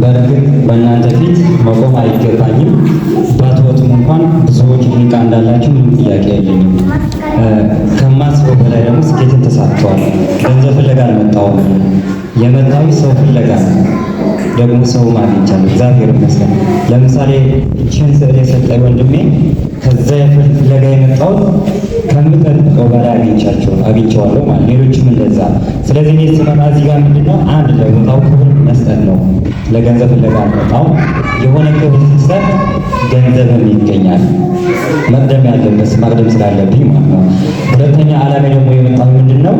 በእርግጥ በእናንተ ፊት መቆም አይገባኝም። ባትወጡም እንኳን ብዙዎች ሙዚቃ እንዳላችሁ ምንም ጥያቄ የለኝም። ከማስበው በላይ ደግሞ ስኬትን ተሳክተዋል። ገንዘብ ፍለጋ አልመጣሁም። የመጣዊ ሰው ፍለጋ ደግሞ ሰው ማግኝቻለሁ። እግዚአብሔር ይመስገን። ለምሳሌ ይህችን ስዕል የሰጠኝ ወንድሜ ከዛ ፍለጋ የመጣሁት ከምጠብቀው በላይ አግኝቻቸው አግኝቸዋለሁ ማለት ሌሎችም እንደዛ። ስለዚህ እኔ ስመጣ እዚህ ጋር ምንድነው አንድ ለቦታው ክብር መስጠት ነው። ለገንዘብ ፍለጋ መጣው የሆነ ክብር ስትሰጥ ገንዘብም ይገኛል። መቅደም ያለበት መቅደም ስላለብኝ ማለት ነው። ሁለተኛ ዓላማ ደግሞ የመጣው ምንድነው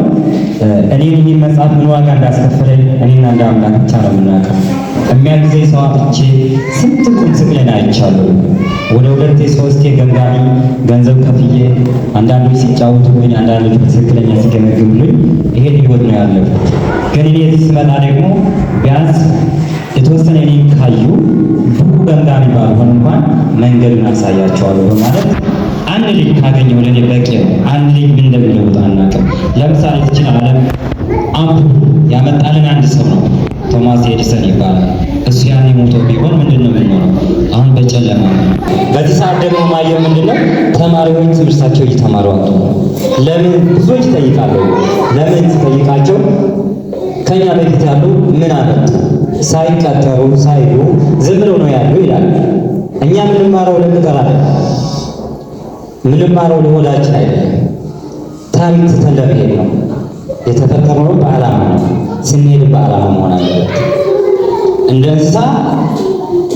እኔ ይህን መጽሐፍ ምን ዋጋ እንዳስከፈለኝ እኔና እንደ አምላክ ብቻ ነው የምናውቀው። የሚያግዘኝ ሰው አጥቼ ስንት ቁም ስቅለን አይቻለሁ። ወደ ሁለቴ ሶስቴ ገንጋሪ ገንዘብ ከፍዬ አንዳንድ ወይ ሲጫወቱብኝ፣ አንዳንዶች በትክክለኛ ሲገመግሙልኝ ይሄን ህይወት ነው ያለፉት። ግን እኔ እዚህ ስመጣ ደግሞ ቢያንስ የተወሰነ እኔን ካዩ ብቁ ገምጋሚ ባልሆን እንኳን መንገዱን አሳያቸዋለሁ በማለት አንድ ልጅ ካገኘሁ ለእኔ በቂ ነው። አንድ ልጅ ምን እንደሚለውጥ አናውቅም። ለምሳሌ ትችን ዓለም አምፑል ያመጣልን አንድ ሰው ነው፣ ቶማስ ኤዲሰን ይባላል። እሱ ያኔ ሞቶ ቢሆን ምንድን ነው ትምህርታቸው እየተማሩ አጡ። ለምን ብዙዎች ይጠይቃሉ። ለምን ሲጠይቃቸው ከኛ በፊት ያሉ ምን አመጡ ሳይቀጠሩ ሳይሉ ዝም ብለው ነው ያሉ ይላል። እኛ የምንማረው ለቅጠር ምንማረው የምንማረው አይደለም። ታሪክ ትተን ለመሄድ ነው የተፈጠረው። በዓላማ ነው ስንሄድ በዓላማ መሆን አለበት። እንደ እንስሳ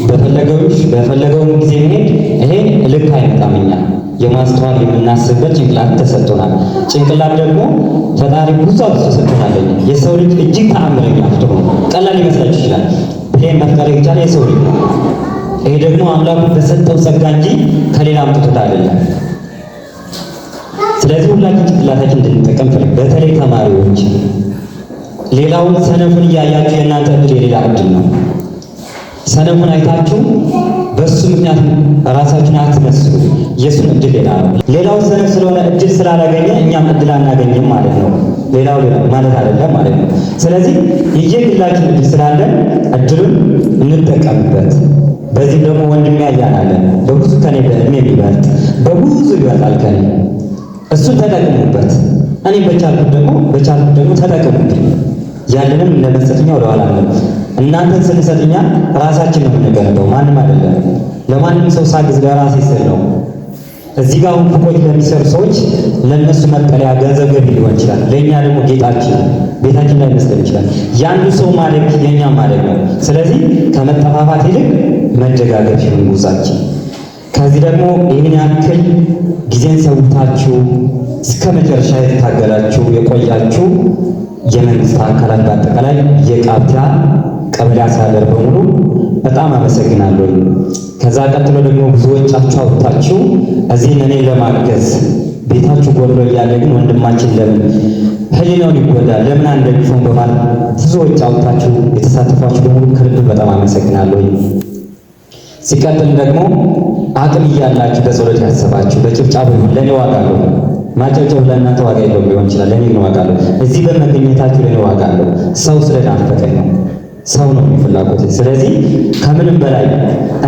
በፈለገው በፈለገው ጊዜ መሄድ ይሄ ልክ አይመጣም የማስተዋል የምናስብበት ጭንቅላት ተሰጥቶናል። ጭንቅላት ደግሞ ፈጣሪ ብዙ አብዝቶ ተሰጥቶናል። የሰው ልጅ እጅግ ተአምረኛ ፍጡር ነው። ቀላል ሊመስላችሁ ይችላል። ብሌን መፍጠር የቻለ የሰው ልጅ ነው። ይሄ ደግሞ አምላኩ በሰጠው ጸጋ እንጂ ከሌላ አምጥቶት አይደለም። ስለዚህ ሁላችን ጭንቅላታችን እንድንጠቀም ፈልግ፣ በተለይ ተማሪዎች ሌላውን ሰነፉን እያያችሁ የእናንተ እድል የሌላ እድል ነው። ሰነፉን አይታችሁ በእሱ ምክንያት ራሳችን አትነሱ። የእሱን እድል ሌላ ነው። ሌላው ሰነፍ ስለሆነ እድል ስላላገኘ እኛም እድል አናገኝም ማለት ነው። ሌላው ሌላ ማለት አይደለም ማለት ነው። ስለዚህ የየግላችን እድል ስላለን እድሉን እንጠቀምበት። በዚህም ደግሞ ወንድሜ ያያናለን በብዙ ከኔ በእድሜ የሚበልጥ በብዙ ይበልጣል ከኔ እሱን ተጠቅሙበት። እኔ በቻልኩት ደግሞ በቻልኩት ደግሞ ተጠቅሙብኝ ያለንም ለመስጠትኛ ወደኋላ ነው እናንተን ስንሰጥኛ ራሳችን ነው የምንገነባው፣ ማንም አይደለም። ለማንም ሰው ሳግዝ ለራሴ ስል ነው። እዚህ ጋር አሁን ፎቆች ለሚሰሩ ሰዎች ለእነሱ መጠለያ ገንዘብ ገቢ ሊሆን ይችላል። ለእኛ ደግሞ ጌጣችን ቤታችን ላይ መስጠት ይችላል። የአንዱ ሰው ማደግ የእኛ ማደግ ነው። ስለዚህ ከመጠፋፋት ይልቅ መደጋገፍ ይሁን ጉዛችን። ከዚህ ደግሞ ይህን ያክል ጊዜን ሰውታችሁ እስከ መጨረሻ የተታገላችሁ የቆያችሁ የመንግስት አካላት በአጠቃላይ የቃብቲያ ቀበሌ አስተዳደር በሙሉ በጣም አመሰግናለሁ። ከዛ ቀጥሎ ደግሞ ብዙዎቻችሁ አውጥታችሁ እዚህን እኔ ለማገዝ ቤታችሁ ጎድሎ እያለ ግን ወንድማችን ለምን ህሊናውን ይጎዳ ለምን አንደግፈውን በማለት ብዙዎች አውጥታችሁ የተሳተፏችሁ በሙሉ ከልብ በጣም አመሰግናለሁ። ሲቀጥል ደግሞ አቅም እያላችሁ በጸሎት ያሰባችሁ በጭብጫብ ይሁን ለእኔ ዋጋ አለው። ማጨብጨብ ለእናንተ ዋጋ የለውም ሊሆን ይችላል፣ ለእኔ ግን ዋጋ አለው። እዚህ በመገኘታችሁ ለእኔ ዋጋ አለው። ሰው ስለናፈቀኝ ነው። ሰው ነው ፍላጎት። ስለዚህ ከምንም በላይ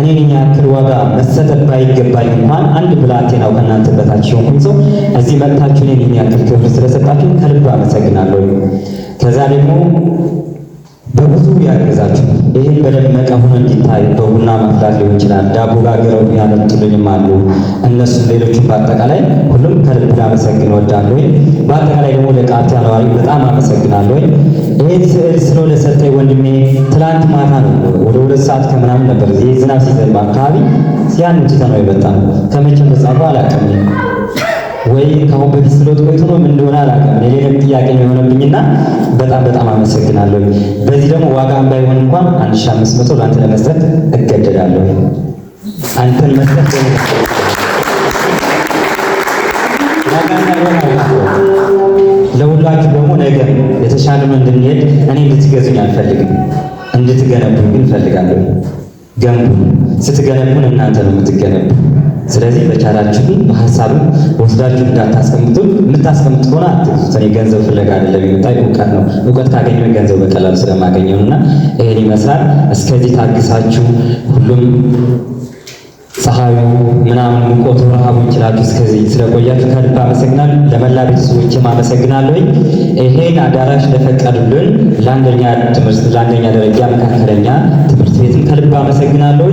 እኔን ያክል ዋጋ መሰጠት ባይገባኝ እንኳን አንድ ብላቴናው ከእናንተ በታች የሆንኩኝ ሰው እዚህ መጥታችሁ እኔን ያክል ክብር ስለሰጣችሁ ከልብ አመሰግናለሁ። ከዛ ደግሞ በብዙ ያግዛችሁ። ይህም በደመቀ ሆኖ እንዲታይ በቡና ማፍላት ሊሆን ይችላል። ዳቦ ጋግረው ያመጡልኝም አሉ። እነሱ ሌሎቹ በአጠቃላይ ሁሉም ከልብ ላመሰግን እወዳለሁ። በአጠቃላይ ደግሞ ለቃታ ነዋሪ በጣም አመሰግናለሁ። ይህን ስዕል ስለው ለሰጠኝ ወንድሜ ትላንት ማታ ነው ወደ ሁለት ሰዓት ከምናምን ነበር ይህ ዝናብ ሲዘንብ አካባቢ ሲያን እንጭተ ነው የመጣ ከመቼም ተጻፎ አላውቅም። ወይ ከአሁን በፊት ስለት ቆይቶ ነው ምን እንደሆነ አላውቅም። ለሌላም ጥያቄ የሆነብኝና በጣም በጣም አመሰግናለሁ። በዚህ ደግሞ ዋጋም ባይሆን እንኳን 1500 ለአንተ ለመስጠት እገደዳለሁ። አንተን መስጠት ለሁላችሁ ደግሞ ነገር የተሻለ እንድንሄድ እኔ እንድትገዙኝ አልፈልግም፣ እንድትገነቡኝ ግን እፈልጋለሁ። ገንቡ። ስትገነቡን እናንተ ነው የምትገነቡ። ስለዚህ በቻላችሁ በሀሳብም ወስዳችሁ እንዳታስቀምጡ የምታስቀምጡ ሆነ አትይዙት። እኔ ገንዘብ ፍለጋ አይደለም የመጣሁ እውቀት ነው። እውቀት ካገኘሁ ገንዘብ በቀላሉ ስለማገኘው እና ይመስላል። እስከዚህ ታግሳችሁ ሁሉም ፀሐዩ ምናምን ሙቆቱ ረሃቡ ይችላችሁ እስከዚህ ስለቆያችሁ ከልብ አመሰግናል። ለመላ ቤተሰቦችም አመሰግናለሁ ይሄን አዳራሽ ለፈቀዱልን ለአንደኛ ትምህርት ለአንደኛ ደረጃ መካከለኛ ትምህርት ከልብ መሰግናለሁ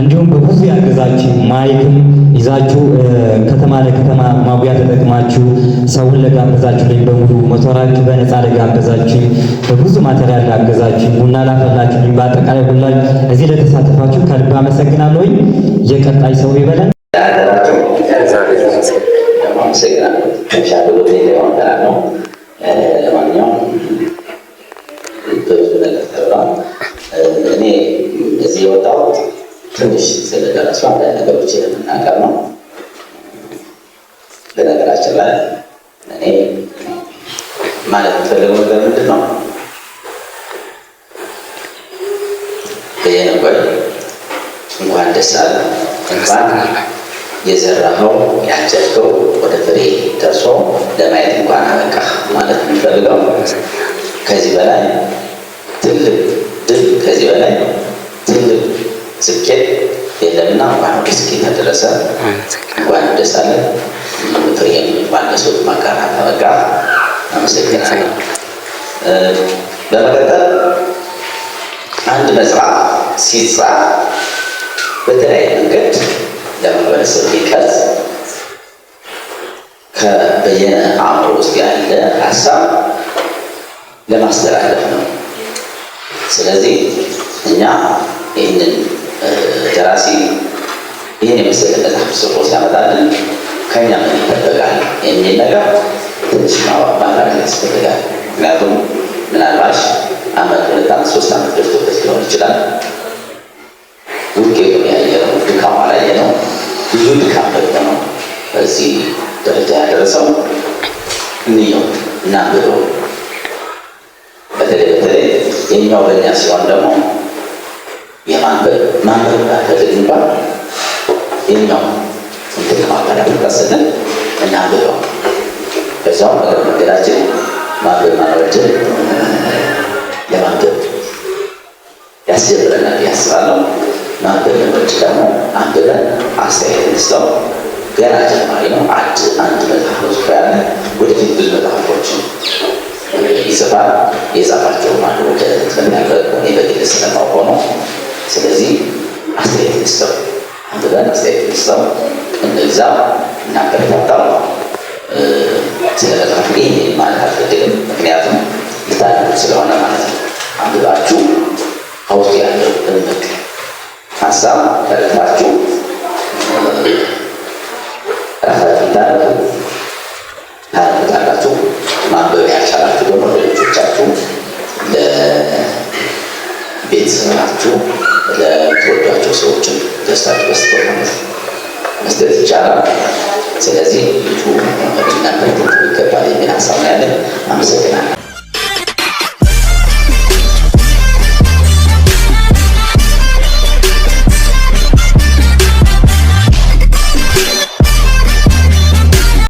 እንዲሁም በብዙ ያገዛችሁ ማይክም ይዛችሁ ከተማ ለከተማ ማጉያ ተጠቅማችሁ ሰውን ለጋበዛችሁልኝ በሙሉ ሞተራችሁ በነፃ ለጋበዛችሁ በብዙ ማቴሪያል ላገዛችሁ ቡና ላፈላችሁ በአጠቃላይ ሁላ እዚህ ለተሳተፋችሁ ከልብ መሰግናለሁ የቀጣይ ሰው ይበለን። ደረሱ አንዳንድ ነገሮችን የምናገር ነው። በነገራችን ላይ እኔ ማለት የምፈልገው ነገር ምንድን ነው? በየነ እንኳን ደስ አለ እንኳን የዘራኸው ያጨድከው ወደ ፍሬ ደርሶ ለማየት እንኳን አበቃ ማለት የምንፈልገው ከዚህ በላይ ትልቅ ድል፣ ከዚህ በላይ ትልቅ ስኬት እና እንኳን እስኪ ተደረሰ እንኳን ደስ አለን። ፍሬን ባለሰው ማጋራ ተበቃ አመሰግናለሁ። በመቀጠል አንድ መጽሐፍ ሲጻፍ በተለያየ መንገድ ለማህበረሰብ ሊቀርጽ ከበየነ አእምሮ ውስጥ ያለ ሀሳብ ለማስተላለፍ ነው። ስለዚህ እኛ ይህንን ደራሲ ይህን የመሰለ መጽሐፍ ጽፎ ሲያመጣልን ከኛ ምን ይጠበቃል የሚል ነገር ትንሽ ማብራራት ያስፈልጋል። ምክንያቱም ምናልባት አመት፣ ሁለት አመት፣ ሶስት አመት ደርሶበት ሊሆን ይችላል። ውጤቱን ያየነው ድካማ ላይ ነው። ብዙ ድካም ደግሞ ነው በዚህ ደረጃ ያደረሰው። እንየው እና በተለይ በተለይ የኛው በእኛ ሲሆን ደግሞ የማንበብ ማንበብ ባፈል የሚባል ይህኛው ውጤት ማቀዳ ተቀስልን እናንብበው በዛው ነገር መንገዳችን ማንበብ ማለወደድ ለማንበብ ያስጀብረናል ያስባለው ማንበብ ለመድ ደግሞ አንብበን አስተያየት ንስተው ገና ጀማሪ ነው። አንድ አንድ መጽሐፍ ነው ያለ ወደፊት ብዙ መጽሐፎችን ይጽፋል። የጻፋቸው አንድ ወደ ትምህርት ያቀ በግል ስለማውቀው ነው። ስለዚህ አስተያየት ንስተው ብለን አስተያየት መስጠው እንደዛ እናበረታታል። ስለ መጽሐፍ ግን ማለት አልፈልግም፣ ምክንያቱም ልታነቡ ስለሆነ ማለት ነው። አንብባችሁ ከውስጥ ያለው እምቅ ሀሳብ ተረድታችሁ ራሳችሁ ታነቡ ታነቡታላችሁ። ማንበብ ያልቻላችሁ ደግሞ ለልጆቻችሁ፣ ለቤተሰባችሁ፣ ለምትወዷቸው ሰዎችን ደስታ ተደስቶ መስጠት ይቻላል። ስለዚህ ልጁ እናንተ ይገባል የሚል ሀሳብ ነው ያለን። አመሰግናለሁ።